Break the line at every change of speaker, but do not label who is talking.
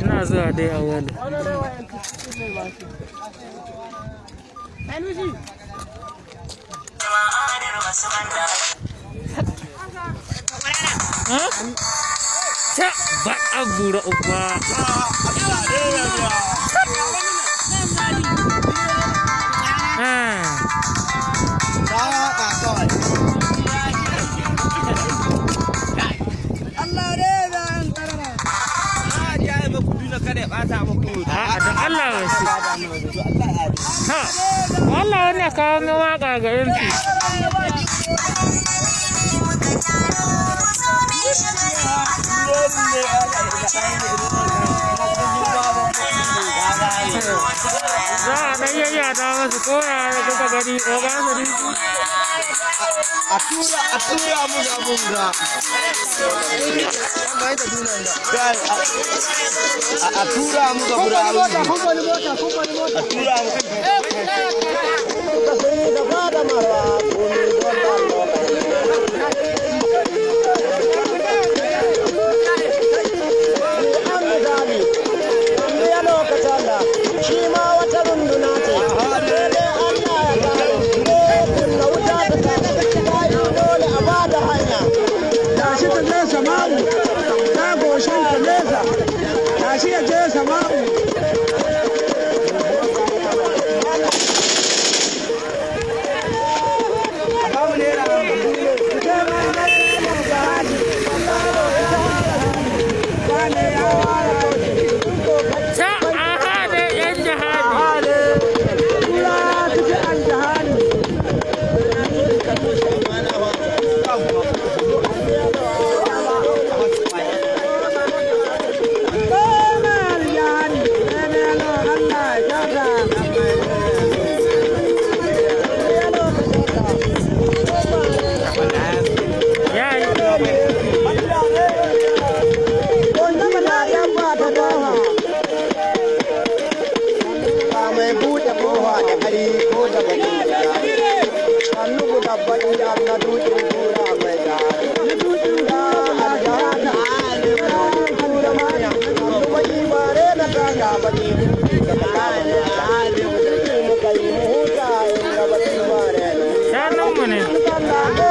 ina zuwa dai a wani ta ba a gura uba Allah wasu. Ha, Allah wani kawo min waƙa ga yanki. Za a ɗan yayya koya da kuka gani, ko ba su a tura a tura mun ga a tura mun ga a tura mun Tá na goshin beleza, na shi da Saan naman eh?